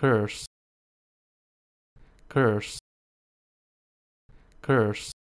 curse curse curse